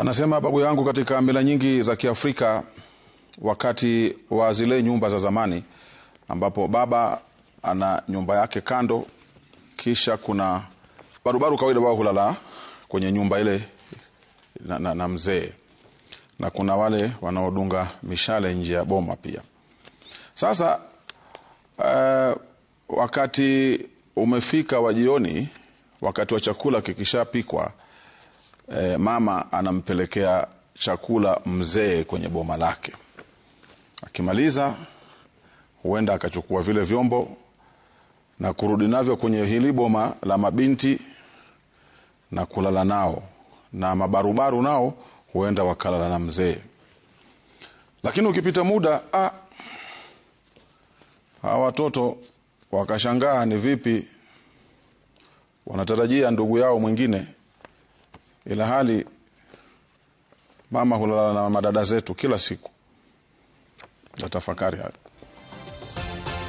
Anasema babu yangu, katika mila nyingi za Kiafrika, wakati wa zile nyumba za zamani, ambapo baba ana nyumba yake kando, kisha kuna barubaru, kawaida wao hulala kwenye nyumba ile na, na, na mzee, na kuna wale wanaodunga mishale nje ya boma pia. Sasa uh, wakati umefika wa jioni, wakati wa chakula kikishapikwa eh, mama anampelekea chakula mzee kwenye boma lake. Akimaliza huenda akachukua vile vyombo na kurudi navyo kwenye hili boma la mabinti na kulala nao, na mabarubaru nao huenda wakalala na mzee. Lakini ukipita muda, hawa watoto wakashangaa, ni vipi wanatarajia ndugu yao mwingine ila hali mama hulala na madada zetu kila siku natafakari hayo